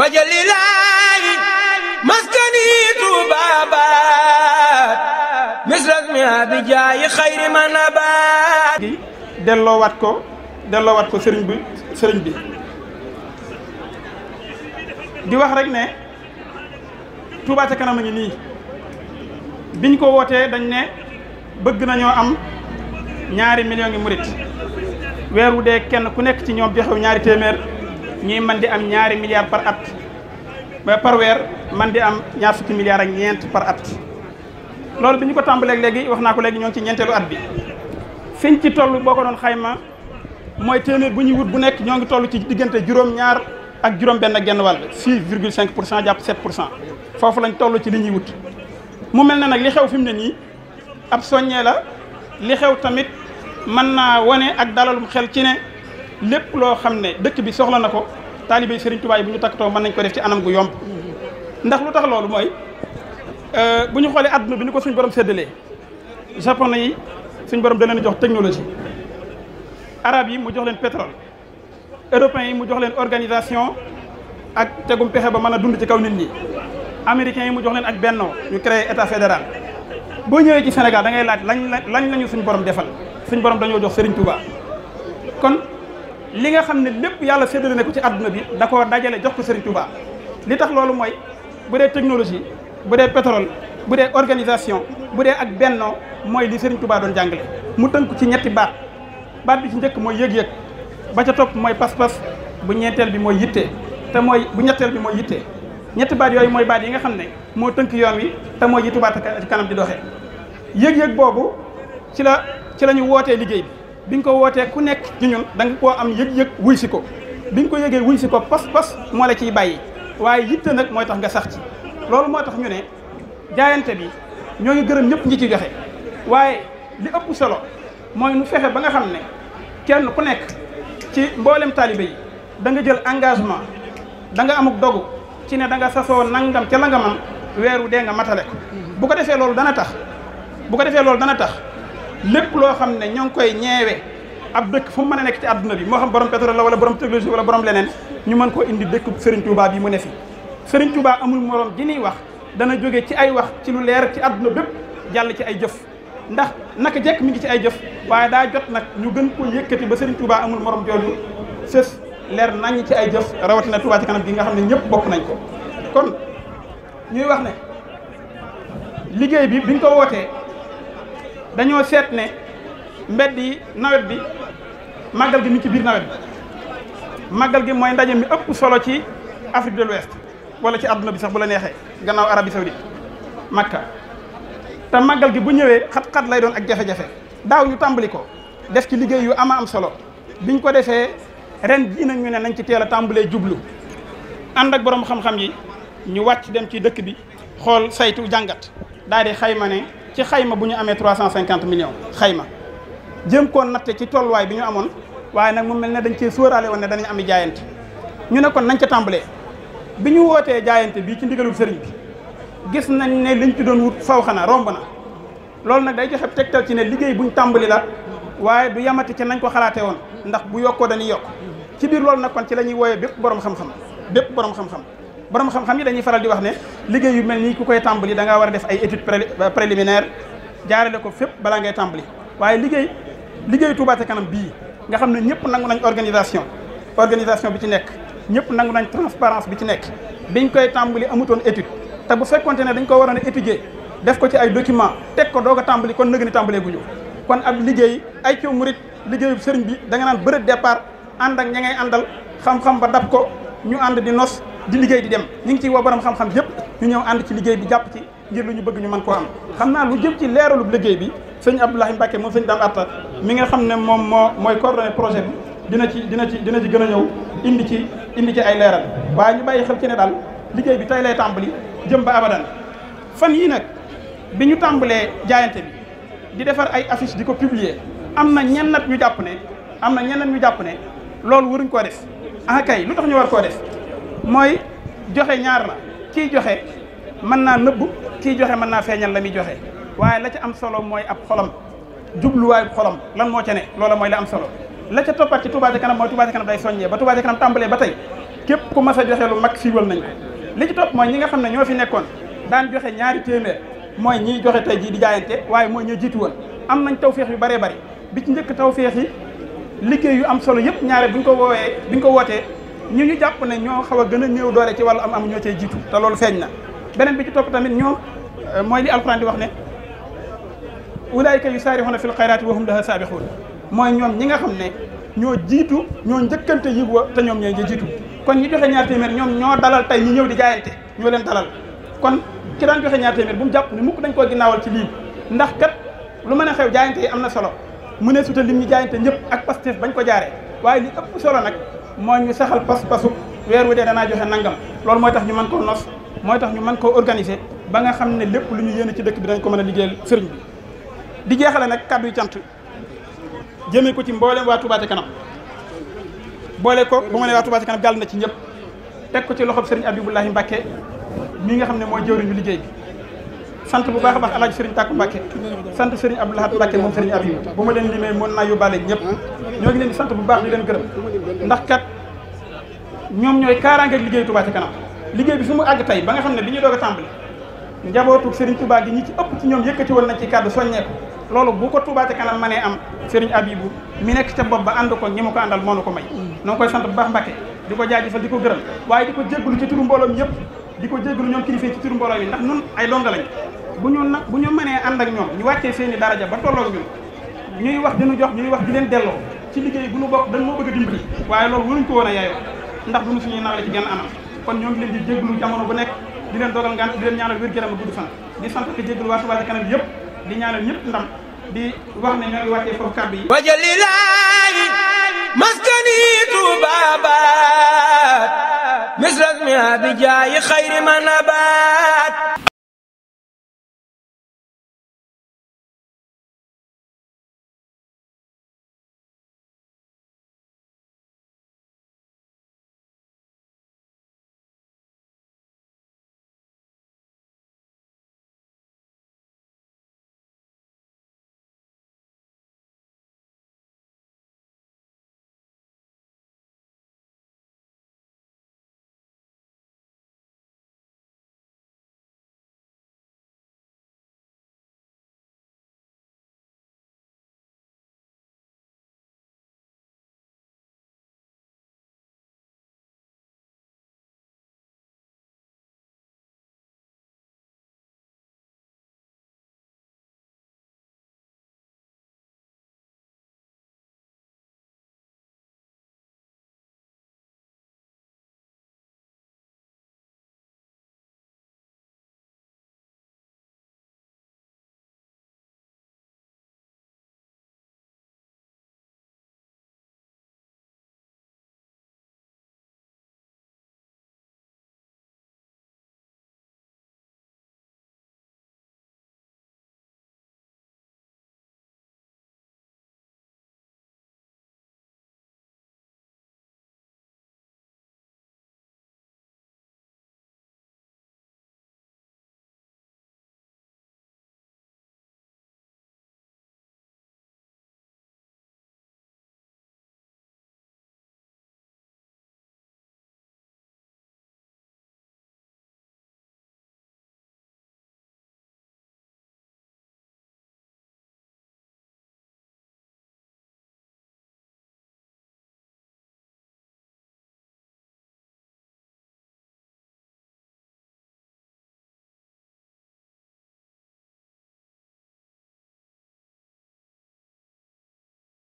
وجللاي مسكني توبابات مثلك ما بجاي خير ما نبات دلو واتكو دلو واتكو سرين بي سرين بي di wax rek ne touba ca kanam ngi Bin biñ ko woté dañ ne bëgg nañu am ñaari millions ngi murit wéru dé kenn ku nekk ñuy man di am ñaari milliards par at ba par weer man di am ñaar fukki milliards ak ñeent par at loolu bi ñu ko tàmbalee léegi wax naa ko léegi ñoo ngi ci ñeenteelu at bi fiñ ci toll boo ko doon xayma mooy téeméer bu ñuy wut bu nekk ñoo ngi tollu ci diggante juróom-ñaar ak juróom-benn genn wàll 6 virgule 5 pour cent jàpp 7 pour cent foofu lañ toll ci li ñuy wut mu mel na nag li xew fi mu ne nii ab soññee la li xew tamit mën naa wane ak dalalum xel ci ne lépp loo xam ne dëkk bi soxla na ko taalibe Serigne Touba yi bu ñu takkatoo mën nañ ko def ci anam gu yomb ndax lu tax loolu mooy euh, bu ñu xoolee àdduna bi ni ko suñ borom séddalee japon yi suñ borom da leen jox technologie arabe yi mu jox leen pétrole européens yi mu jox leen organisation ak tegum pexe ba mën a dund ci kaw nit ñi américains yi mu jox leen ak bennoo ñu créé état fédéral boo ñëwee ci Sénégal da ngay laaj lañ lañ lañu suñ borom defal suñ borom dañoo jox Serigne Touba li nga xam ne lépp yàlla séddale na ko ci àdduna bi da koo dajale jox ko Serigne Touba li tax loolu mooy bu dee technologie bu dee pétrole bu dee organisation bu dee ak bennoo mooy li Serigne Touba doon jàngale mu tënk ci ñetti baat baat bi ci njëkk mooy yëg-yëg ba ca topp mooy pas-pas bu ñeenteel bi mooy yitte te mooy bu ñetteel bi mooy yitte ñetti baat yooyu mooy baat yi nga xam ne moo tënk yoon wi te mooy yi Touba ca kanam di doxee yëg-yëg boobu ci la ci la ñu wootee liggéey bi bi nga ko wootee ku nekk ci ñun da nga koo am yëg-yëg wuy si ko bi nga ko yëgee wuy si ko pas-pas moo la ciy bàyyi waaye yitte nag mooy tax nga sax ci loolu moo tax ñu ne jaayante bi ñoo ngi gërëm ñëpp ñi ci joxe waaye li ëpp solo mooy nu fexe ba nga xam ne kenn ku nekk ci mboolem taalibe yi da nga jël engagement da nga amuk dogu ci ne da nga sasoo nangam ca la nga man weeru dee nga matale bu ko defee loolu dana tax bu ko defee loolu dana tax lépp loo xam ne ñoo ngi koy ñeewe ab dëkk fu mu mën a nekk ci àdduna bi moo xam borom pétrole la wala borom technologie wala borom leneen ñu mën koo indi dëkk Serigne Touba yi mu ne fi Serigne Touba amul morom ji ñuy wax dana jóge ci ay wax ci lu leer ci àdduna bépp jàll ci ay jëf ndax naka jekk mi ngi ci ay jëf waaye daa jot nag ñu gën ko yëkkati ba Serigne Touba amul morom jooju sës leer nañ ci ay jëf rawatina Touba ci kanam bi nga xam ne ñëpp bokk nañ ko kon wax ne liggéey bi biñ ko wootee dañu seet né mbedd yi nawet bi magal gi mi ci bir nawet magal gi moy ndaje mi ëpp solo ci Afrique de l'Ouest wala ci aduna bi sax bu la nexé gannaaw Arabie Saoudite Makka ta magal gi bu ñëwé xat-xat lay doon ak jafé jafé daaw ñu tambali ko def ci liggéey yu ama am solo biñ ko défé ren jii nañ ñu né nañ ci téla a djublu jublu ak borom xam-xam yi ñu wacc dem ci dëkk bi xol saytu jangat daal di ci xayma bu ñu amee cent 350 millions xayma jëm koon natte ci tolluwaay bi ñu amoon waaye nag moom mel ne dañ cee sóoraale woon ne danañ ami jaayante ñu ne kon nañ ca tàmbalee bi ñu wootee jaayante bii ci ndigalul sëriñ bi gis nañ ne liñ ci doon wut faw xanaa romb na loolu nag day joxe tegtal ci ne liggéey buñ tàmbali la waaye du yamati ci nañ ko xalaatee woon ndax bu yokkoo dañuy yokk ci biir loolu nag kon ci la ñuy wooyee bépp borom xam-xam bépp borom xam-xam borom xam-xam yi dañuy faral di wax ne liggéey yu mel nii ku koy tàmbali da ngaa war a def ay étude euh, préliminaire jaarale ko fépp balaa ngay tàmbali waaye liggéey liggéey Touba ca kanam bii nga xam ne ñëpp nangu nañ organisation organisation bi ci nekk ñëpp nangu nañ transparence bi ci nekk biñ koy tàmbali amutoon étude te bu fekkonte ne dañ ko waroon a étudier def ko ci ay document teg ko doo a tàmbali kon nëgë ni tàmbalee kon ab liggéey ay coow murit liggéeyu sëriñ bi da nga naan bëre départ ànd ak ña ngay àndal xam ba dab ko ñu ànd di nos di liggéey di dem ñu ngi ci woo borom xam-xam yëpp ñu ñëw ànd ci liggéey bi jàpp ci ngir lu ñu bëgg ñu mën koo am xam naa lu jëm ci leeralub liggéey bi sëñ Abdoulahi Mbacke moom sëñ Dame Atta mi nga xam ne moom moo mooy coordonné projet bi dina ci dina ci dina ci gën a ñëw indi ci indi ci ay leeral waaye ñu bàyyi xel ci ne daal liggéey bi tey lay tàmbali jëm ba abadan fan yii nag bi ñu tàmbalee jaayante bi di defar ay affiche di ko publier am na ñennat ñu jàpp ne am na ñennat ñu jàpp ne loolu waruñ koo def ah kay lu tax ñu war koo mooy joxe ñaar la kii joxe mën naa nëbb kii joxe mën naa feeñal la muy joxe waaye la ci am solo mooy ab xolam jubluwaayu xolam lan moo ca ne loola mooy la am solo la ca toppat ci Touba ca kanam mooy Touba ca kanam day soññee ba Touba ca kanam tàmbalee ba tey képp ku mas a joxe lu mag siiwal nañ ko li ci topp mooy ñi nga xam ne ñoo fi nekkoon daan joxe ñaari téeméer mooy ñiy joxe tey jii di jaayante waaye mooy ñoo jiitu woon am nañ tawféex yu bëree bëri bi ci njëkk tawféex yi liggéey yu am solo yëpp ñaare buñ ko woowee buñ ko wootee ñi ñu jàpp ne ñoo xaw a gën a néew doole ci wàllu am am ñoo cay jiitu te loolu feeñ na beneen bi ci topp tamit ñoom euh, mooy li alxuraan di wax ne ulaayika yusaarixuuna fil xayraati wa hum laha saabixuun mooy ñoom ñi nga xam ne ñoo jiitu ñoo njëkkante yiw wa te ñoom ñooy jiitu kon ñu joxe ñaar téeméer ñoom ñoo dalal tey ñu ñëw di jaayante ñoo leen dalal kon ki daan joxe ñaar téeméer bu mu jàpp ni mukk dañ koo ginnaawal ci lii ndax kat lu mën a xew jaayante yi am na solo mu ne suta lim ñu jaayante ñëpp ak Pastef bañ ko jaaree waaye li ëpp solo nag mooy ñu saxal pas-pasu weer wu dee danaa joxe nangam loolu mooy tax ñu mën koo nos mooy tax ñu man koo organiser ba nga xam ne lépp lu ñu yéene ci dëkk bi dañ ko mën a liggéeyal sëriñ bi di jeexale nag kàddu yu cant jëmee ko ci mboolem waa Touba kanam boole ko bu ma nee waa Touba kanam gàll na ci ñëpp teg ko ci loxob sëriñ Abibulahi Mbacke mi nga xam ne mooy jëwriñu liggéey bi sant bu baax a baax alaaji sëriñ Tàkku Mbacke sant sëriñ Abdoulahat Mbacke moom sëriñ baax di leen gërëm ndax ñoom ñooy kaaraange ak liggéey Touba ca kanam liggéey bi fi mu àgg tey ba nga xam ne bi ñu doog a tàmbali njabootu Serigne Touba gi ñi ci ëpp ci ñoom yëkkati woon nañ ci kàddu soññeeku loolu bu ko Touba ca kanam mënee am Serigne Abibou mi nekk ca bopp ba ànd ko ñi mu ko àndal moo nu ko may mm. noo ngi koy sant bu baax Mbacke di ko jaajëfal di ko gërëm waaye di ko jéggalu ci turu mbooloom yëpp di ko jéggalu ñoom kilifa ci turu mbooloo yi ndax nun ay donga nag bu ñu mënee ànd ak ñoom ñu wàccee seeni daraja ba tolloog ñun ñuy wax dinu jox ñuy wax di leen delloo ci liggéey bu dañ moo bëgg a waaye loolu waruñ ko woon a ndax bu ñu suñuy nawle ci genn anam kon ñoo ngi leen di jégalu jamono bu nekk di leen dogal ngant di leen ñaanal wér gëram a gudd fan di sant ak jégalu waa Touba ca kanam yëpp di ñaanal ñëpp ndam di wax ne ñoo ngi wàccee foofu kàddu yi wajalilaahi maskani tubabat misras mi abi jaayi xayri ma nabaat